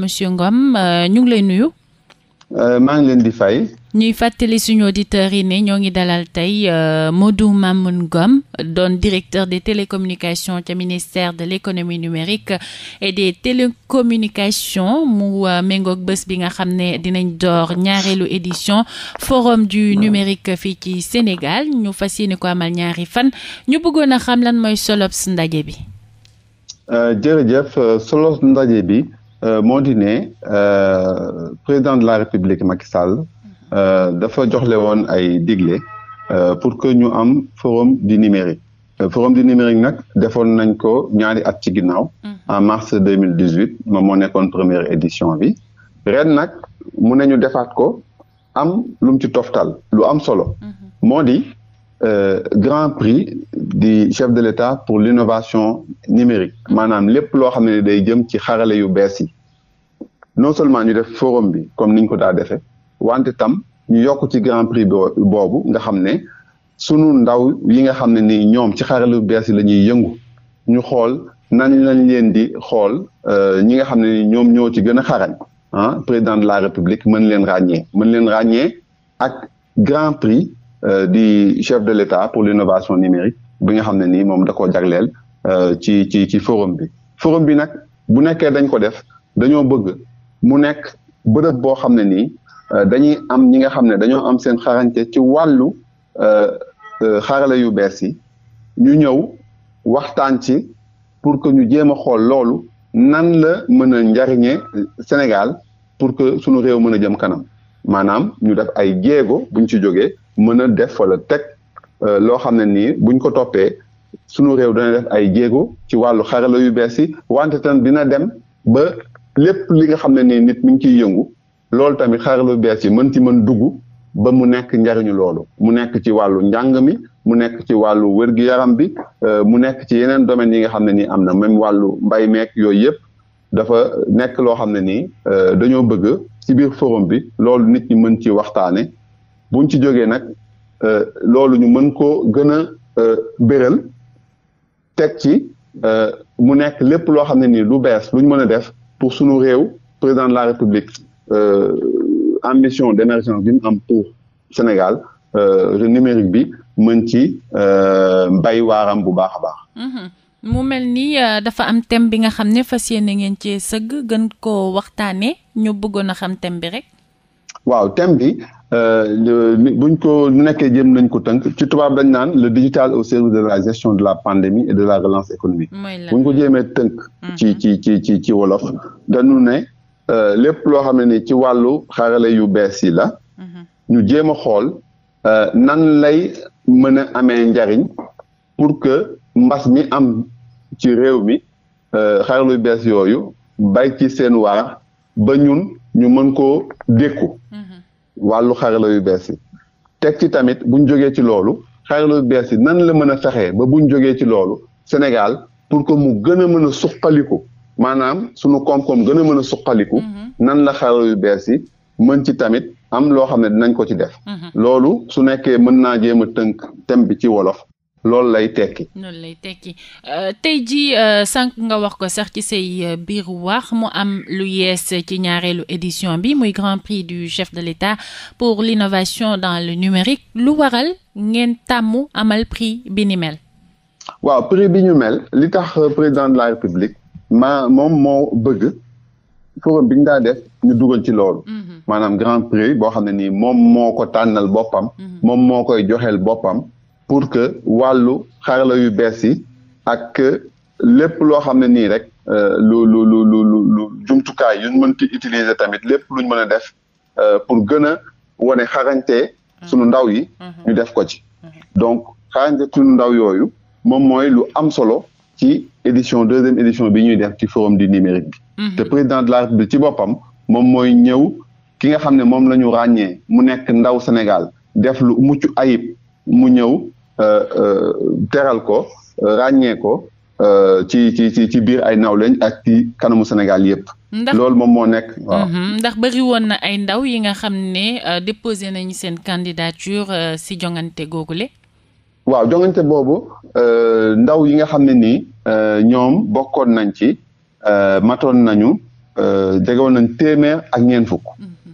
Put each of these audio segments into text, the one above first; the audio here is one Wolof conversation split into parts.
monsieur Ngom euh, ñu ngi lay nuyu. Euh, maa ngi leen di fay. ñuy fàttali suñu auditeurs yi ne ñoo ngi dalal tey euh, Modou Mamoun Ngom doon directeur des télécommunications ca ministère de l'économie numérique et des télécommunications mu méngoog bës bi nga xam ne dinañ door ñaareelu édition forum du numérique fii ci Sénégal ñu fas yéene ko amal ñaari fan ñu bëggoon a xam lan mooy solob ndaje bi. jërëjëf solob ndaje bi. Euh, moo di ne euh, président de la république Macky Sall mhm. euh, dafa joxle woon ay digle pour que ñu am forum du numérique forum du numérique nag defoon nañ ko ñaari at ci ginnaaw mhm. en mars deux mille dix huit moom moo nekkoon première édition bi ren nag mu ne ñu defaat ko am lum mu ci toftal lu am solo mhm. moo di Euh, grand prix di chef de l'État pour l'innovation numérique maanaam lépp loo xam ne day jëm ci xarale yu bees yi non seulement ñu def forum bi comme niñ ko daa defee wante tam ñu yokk ci grand prix boobu nga xam ne sunu ndaw yi nga xam ne ni ñoom ci xarale yu bees yi la ñuy yëngu ñu xool nañ lañ leen di xool euh, ñi nga xam ne ni ñoom ñoo ci gën a xarañ ah président de la république mën leen ràññee mën leen ràññee ak grand prix Euh, di chef de l'État pour l'innovation numérique bi nga xam ne nii moom da koo jagleel euh, ci ci ci forum bi forum bi nag bu nekkee dañ ko def dañoo bëgg mu nekk bërëb boo xam ne nii euh, dañuy am ñi nga xam ne dañoo am seen xarañte ci wàllu xarale yu bees yi ñu ñëw waxtaan ci pour que ñu jéem a xool loolu nan la mën a njariñe Sénégal pour que sunu réew mën a jëm kanam maanaam ñu def ay jéego buñ ci jógee mën a def wala teg euh, loo xam ne nii buñ ko toppee sunu réew dana def ay jéego ci wàllu xarala yu bees yi wante tam dina dem ba lépp li nga xam ne nii nit mi ciy yëngu loolu tamit xarala yu bees yi mën ci mën dugg ba mu nekk njariñu loolu mu nekk ci wàllu njàng mi mu nekk ci wàllu wër gi yaram bi euh, mu nekk ci yeneen domaines yi nga xam ne nii am na même wàllu mbay meek yooyu yëpp dafa nekk loo xam ne nii euh, dañoo bëgg ci biir forum bi loolu nit ñi mën ci waxtaane buñ ci jógee nag euh, loolu ñu mën koo gën a euh, béral teg ci mu nekk lépp loo xam ne nii lu bees lu ñu mën a def pour suñu réew président de la république ambition d'émergence bi mu am pour Sénégal numérique bi mën ci mbay waaram bu baax a baax mm-hmm. mu mel nii euh, dafa am thème bi nga xam ne fas yéene ngeen cee sëgg gën koo waxtaanee ñu bëggoon a xam thème bi rek. waaw thème bi euh, buñ ko nekkee jëm nañ ko tënk ci tubaab dañ naan le digital au service de la gestion de la pandémie et de la relance économique. buñ ko jéemee tënk. Mm-hmm. ci ci ci ci ci wolof. dañu ne euh, lépp loo xam ne ni ci wàllu xarale yu bees yi la. Mm-hmm. ñu jéem a xool nan lay mën a amee njariñ pour que. mbas mi am ci réew mi euh, xar lu bees yooyu bay ci seen waar ba ñun ñu mën koo dékku mm-hmm. wàllu la yu bees yi teg ci tamit buñ jógee ci loolu xarala yu bees yi nan la mën a fexee ba buñ jógee ci loolu Sénégal pour ko mu gën a mën a suqaliku maanaam sunu koom-koom gën a mën a suqaliku mm-hmm. nan la xarala yu bees yi mën ci tamit am loo xam ne dinañ ko ci def mm-hmm. loolu su nekkee mën naa jéema tënk thème bi ci wolof loolu lay tekki. loolu lay tekki euh, tey jii euh, sànq nga wax ko sax ci say euh, biir wax mu am lu yees ci ñaareelu édition bi muy grand prix du chef de l'État pour l'innovation dans le numérique lu waral ngeen tàmm amal prix bi ni waaw prix bi li tax président de la république ma moom moo bëgg forum bi ñu daa def dugal ci loolu. Mhm. maanaam grand prix boo xam ne nii moom moo ko tànnal boppam. Mhm. moom moo koy joxel boppam. pour que wàllu xarala yu bees yi ak lépp loo xam ne nii rek euh, lu lu lu lu lu jumtukaay yuñ mënti utiliser tamit lépp luñ mën a def euh, pour gën a wane xarañte mm-hmm. suñu ndaw yi mm-hmm. ñu def ko ci mm-hmm. donc xarañte suñu ndaw yooyu moom mooy lu am solo ci édition deuxième édition bi ñuy def ci forum du numérique bi te président de la République ci boppam moom mooy ñëw ki nga xam ne moom la ñu ràññee mu nekk ndaw Sénégal def lu mucc ayib mu ñëw Euh, euh, teral ko ràññee ko euh, ci ci ci biir ay nawleñ ak ci kanamu Sénégal yëpp. ndax loolu moom moo nekk mhm. ndax bëri woon na ay ndaw yi nga xam ne déposé nañu seen candidature si jongante googule. waaw jongante boobu ndaw yi nga xam ne nii ñoom bokkoon nañ ci matoon nañu jegewoon nañ téeméer ak ñeent fukk. Mhm.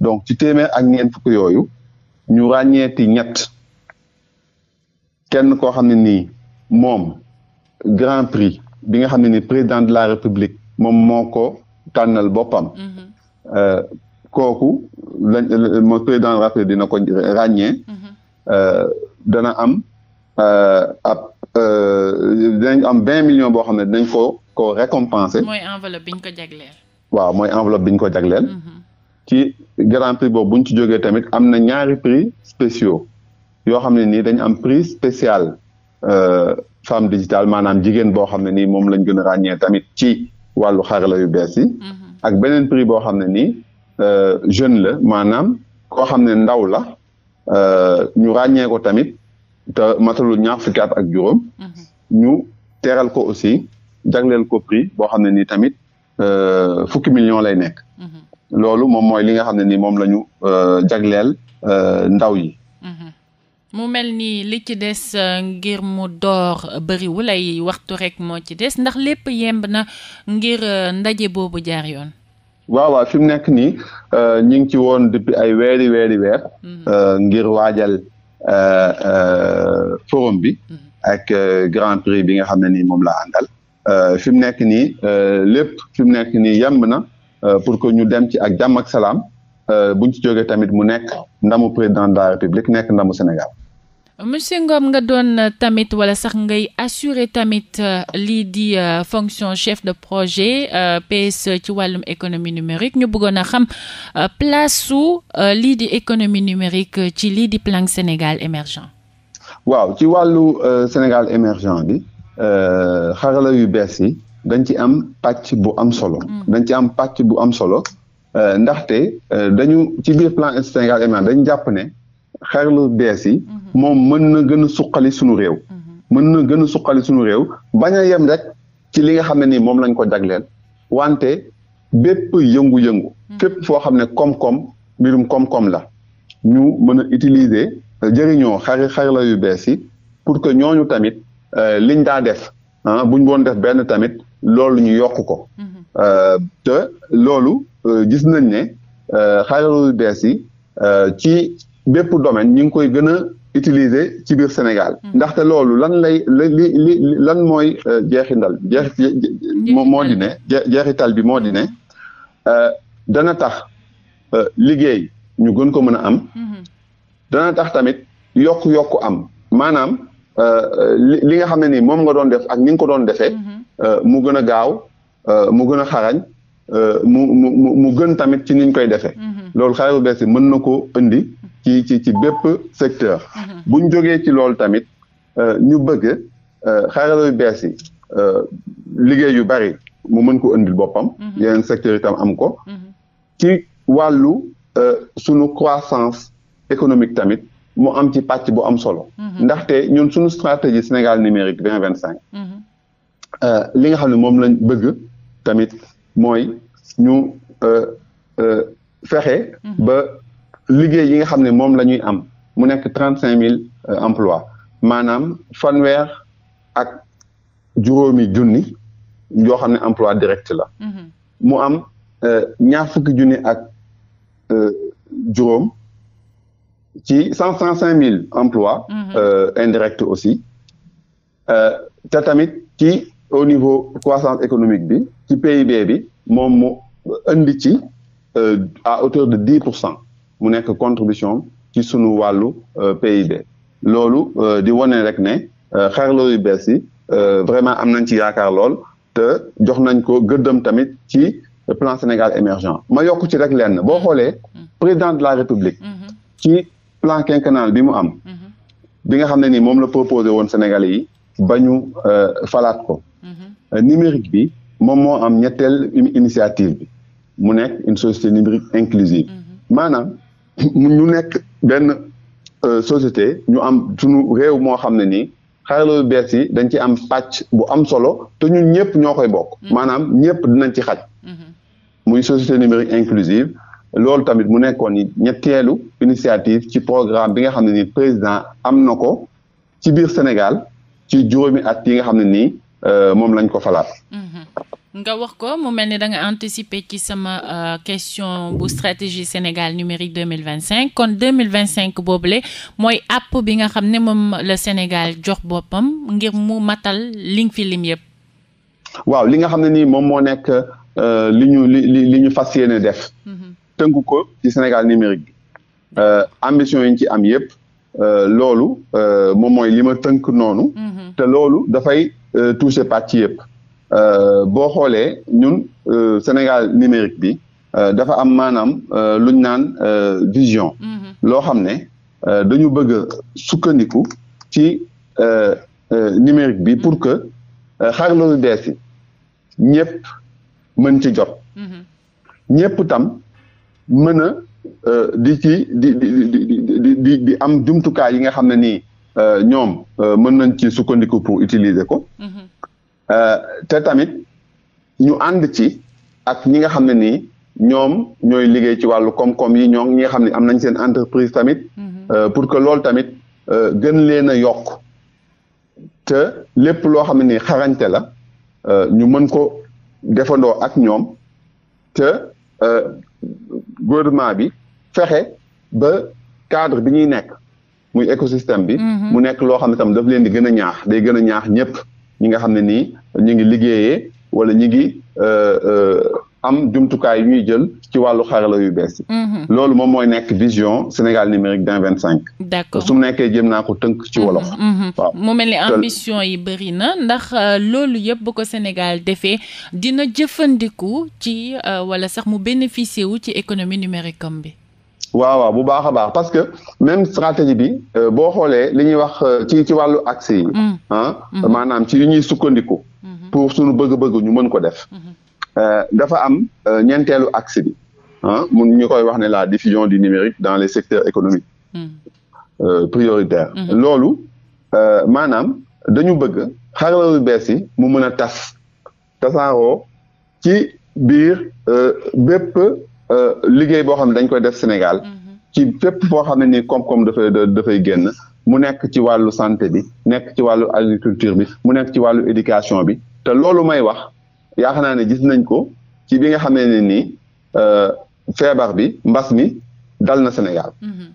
donc ci téeméer ak ñeent fukk yooyu ñu ràññeeti ñett. kenn koo xam ne nii moom grand prix bi nga xam ne ni président de la république moom moo ko tànnal boppam. Mhm. Euh, kooku lañ mo président de la république dina ko ràññee. Mhm. Euh, dana am euh, ab dinañ am vingt millions boo xam ne dinañ ko ko récompenser. mooy ko jagleel. waaw mooy enveloppe bi ko jagleel. Mhm. ci grand prix boobu bu ñu ci jógee tamit am na ñaari prix spéciaux. yoo xam ne nii dañ am prix spécial euh, femme digitale maanaam jigéen boo xam ne nii moom lañ gën a ràññee tamit ci wàllu xarala yu bees yi. Mm-hmm. ak beneen prix boo xam ne nii euh, jeune la maanaam koo xam ne ndaw la euh, ñu ràññee tamit te matalul ñaar fukki at ak juróom. Mm-hmm. ñu teeral ko aussi jagleel ko prix boo xam ne nii tamit fukki million lay nekk. Mm-hmm. loolu moom mooy li nga xam ne nii moom la ñu jagleel ndaw yi. mu mel ni li ci des euh, ngir mu door bëriwul ay waxtu rek moo ci des ndax lépp yemb na ngir euh, ndaje boobu jaar yoon. waaw waaw fi mu nekk nii euh, ñu ngi ci woon depuis ay weeri weeri weer. Mhm. ngir waajal forum bi. Mhm. ak grand prix bi nga xam ne ni moom laa àndal. fi mu nekk nii lépp fi mu nekk nii yemb na pour que ñu dem ci ak jàmm ak salaam. buñ ci jógee tamit mu nekk ndamu président de la république nekk ndamu Sénégal monsieur Ngom nga doon euh, tamit wala sax ngay assurer tamit euh, lii di euh, fonction chef de projet PSE ci wàllum économie numérique ñu bëggoon a xam place su lii di économie numérique ci lii di plan Sénégal émergent. waaw ci wàllu Sénégal émergent bi xarala yu bees yi dañ ci am pàcc bu am solo. Mm. dañ ci am pàcc bu am solo ndaxte dañu ci biir plan Sénégal émergent dañ jàpp ne. xar lu bees yi mhm. moom mën na gën a suqali suñu réew mhm. mën na gën suqali suñu réew bañ a yem rek ci li nga xam ne ni moom lañ ko jagleel wante bépp yëngu-yëngu fépp mhm. foo xam ne koom-koom mbirum koom-koom la ñu mën a utiliser euh, jëriñoo xari xarala yu bees yi pour que ñooñu tamit euh, liñ daa def ah buñ boon def benn tamit loolu ñu yokk ko euh, te loolu gis nañ ne xarala yu bees yi ci bépp domaine ñu ngi koy gën a utiliser ci biir Sénégal. Mm-hmm. ndaxte loolu lan lay li li lan mooy euh, jeexindal jeex moo di ne jeexital bi moo dine ne dana tax euh, liggéey ñu gën ko mën a am. Mm-hmm. dana tax tamit yokk yokk am maanaam euh, li nga xam ne nii moom nga doon def ak ni nga ko doon defee. Mm-hmm. mu gën a gaaw mu gën a xarañ. mu mu mu gën tamit ci niñ koy defee. loolu xale bu bees yi mën na ko indi ci ci ci bépp secteur. Mm-hmm. buñ ñu ci loolu tamit euh, ñu bëgg euh, xarala yu bees yi euh, liggéey yu bari mu mën ko indil boppam. Mm-hmm. yeneen secteur itam am ko. Mm-hmm. ci wàllu sunu croissance économique tamit mu am ci pàcc bu am solo. ndaxte ñun sunu stratégie Sénégal numérique vingt vingt cinq. li nga xam ne moom lañ bëgg tamit mooy ñu fexe ba. liggéey yi nga xam ne moom la ñuy am mu nekk trente cinq mille euh, emplois maanaam fanweer ak juróomi junni yoo xam ne emploi direct la mm-hmm. mu am euh, ñaar fukki junni ak euh, juróom ci cent cent cinq mille emplois mm-hmm. indirect aussi te tamit ci au niveau croissance économique bi ci PIB bi moom mu indi ci à hauteur de dix pour cent mu nekk contribution ci sunu wàllu euh, PIB loolu euh, di wane rek ne euh, xarala yu bees yi vraiment am nañ ci yaakaar lool te jox nañ ko gëddëm tamit ci plan Sénégal émergent ma yokk ci rek lenn boo xoolee président de la République mm-hmm. Mm-hmm. ci plan quinquennal bi mu am mm-hmm. bi nga xam ne ni moom la proposé woon Sénégalais yi ba ñu falaat ko numérique bi moom moo am ñetteel initiative bi mu nekk une société numérique inclusive maanaam ñu nekk benn euh, société ñu am suñu réew moo xam ne nii xarala yu bees yi dañ ci am pàcc bu am solo te ñun ñëpp ñoo koy bokk. Mm-hmm. maanaam ñëpp dinañ ci xaj. Mm-hmm. muy société numérique inclusive loolu tamit mu nekkoon ñetteelu initiative ci programme bi nga xam ne nii président am na ko ci biir Sénégal ci juróomi at yi nga xam ne nii euh, moom lañ ko falaat. Mm-hmm. nga wax ko mu mel ni danga nga anticiper ci sama euh, question bu stratégie Sénégal numérique 2025 kon 2025 le mooy app bi nga xam ne moom la Sénégal jox boppam ngir mu matal li fi lim yëpp. waaw li nga xam ne nii moom moo nekk euh, li ñu li li ñu fas yéene def. Mm-hmm. tënku ko ci Sénégal numérique bi. Euh, ambition yi ci am yëpp. loolu moom mooy li ma tënk noonu. Mm-hmm. te loolu dafay toucher pàcc yëpp. Euh, boo xoolee ñun euh, Sénégal numérique bi euh, dafa am maanaam luñ naan vision. Mm-hmm. loo xam ne dañu bëgg sukkandiku ci numérique bi pour que xarala yu bees yi mën ci jot. Mm-hmm. ñëpp tam mën a di ci di di di di di am jumtukaay yi nga xam ne nii ñoom mën nañ ci sukkandiku pour utiliser ko. Mm-hmm. Euh, te tamit ñu ànd ci ak ñi nga xam ne nii ñoom ñooy liggéey ci wàllu koom-koom yi ñoom ñi nga xam ne am nañ seen entreprise tamit mm-hmm. euh, pour que loolu tamit euh, gën leen a yokk te lépp loo xam ne nii xarañte la ñu mën ko defandoo ak ñoom te gouvernement bi fexe ba cadre bi ñuy nekk muy écosystème bi mm-hmm. mu nekk loo xam ne tam daf leen di gën a ñaax day gën a ñaax ñëpp ñi nga xam ne nii ñu ngi liggéeyee wala ñu ngi euh, euh, am jumtukaay yu ñuy jël ci wàllu xarala yu bees yi. Mm-hmm. loolu moom mooy nekk vision Sénégal numérique d'un vingt cinq. d'accord su mu nekkee jëm naa ko tënk ci mm-hmm. wolof. Mm-hmm. waaw mu mel ni ambition yi bëri na ndax euh, loolu yëpp bu ko Sénégal defee dina jëfandiku ci wala sax mu bénéficier wu ci économie numérique comme bi. waaw bu baax a baax parce que même stratégie bi euh, boo xoolee li ñuy wax euh, ci ci wàllu accès yi. Mm. Ah, mm-hmm. maanaam ci li ñuy sukkandiku. Mm-hmm. pour suñu bëgg-bëgg ñu mën ko def. Mm-hmm. Euh, dafa am ñeenteelu accès bi ah ñu koy wax ne la diffusion du numérique dans les secteurs économiques. Mm. prioritaires. loolu maanaam dañu bëgg xarala yu mu mën a tas tasaaroo ci biir bépp. Euh, liggéey boo xam ne dañ koy def Sénégal mm-hmm. ci fépp foo xam ne nii koom-koom dafay génn mu nekk ci wàllu santé bi nekk ci wàllu agriculture bi mu nekk ci wàllu éducation bi te loolu may wax yaakaar naa ne gis nañ ko ci bi nga xam ne nii euh, feebar bi mbas mi dal na Sénégal mm-hmm.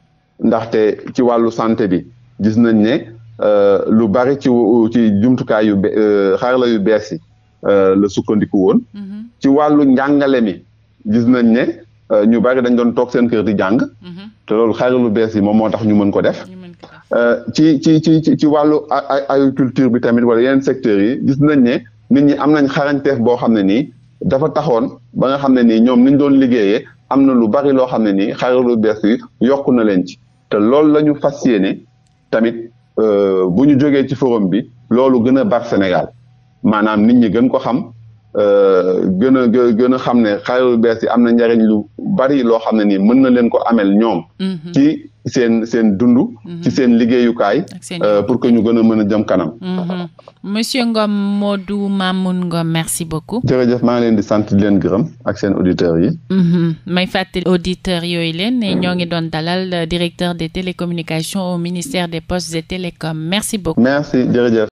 ndaxte ci wàllu santé bi gis nañ ne euh, lu bari ci ci jumtukaay yu xarala yu bees yi la sukkandiku woon mm-hmm. ci wàllu njàngale mi gis nañ ne Euh, ñu bari dañ doon toog seen kër di jàng. Mhm. te loolu xaaral lu bees yi moom moo tax ñu mën ko def. Euh, ci ci ci ci wàllu agriculture bi tamit wala yeneen secteurs yi gis nañ ne nit ñi am nañ xarañteef boo xam ne nii dafa taxoon ba nga xam ne nii ñoom ni doon liggéeyee am na lu bari loo xam ne nii xaaral lu bees yokku na leen ci te loolu la fas yéene tamit euh, bu ñu jógee ci forum bi loolu gën a bar Sénégal maanaam nit ñi gën ko xam gën a gën a xam ne xaaral bees yi am na njariñ lu. bari loo xam ne nii mën na leen ko amel ñoom mhm. ci seen seen dund mhm. ci seen liggéeyukaay euh, pour que ñu gën a mën a jëm kanam mhm. monsieur Ngom Modou Mamoun Ngom merci beaucoup jërëjëf maa ngi leen di sant di leen gërëm ak seen auditeurs yi may fàttali auditeurs yooyu leen ne ñoo ngi doon dalal euh, directeur des télécommunications au ministère des postes et télécoms merci beaucoup